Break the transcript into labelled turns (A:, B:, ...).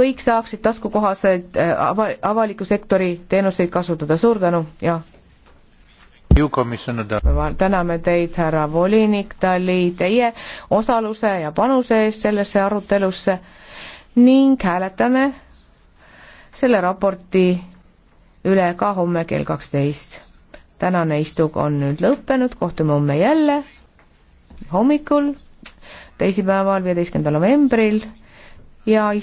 A: kõik saaksid taskukohaseid äh, ava-, avaliku sektori teenuseid kasutada, suur tänu ja täname teid, härra volinik Tali, teie osaluse ja panuse eest sellesse arutelusse ning hääletame selle raporti üle ka homme kell kaksteist. tänane istung on nüüd lõppenud, kohtume homme jälle hommikul, teisipäeval, viieteistkümnendal novembril ja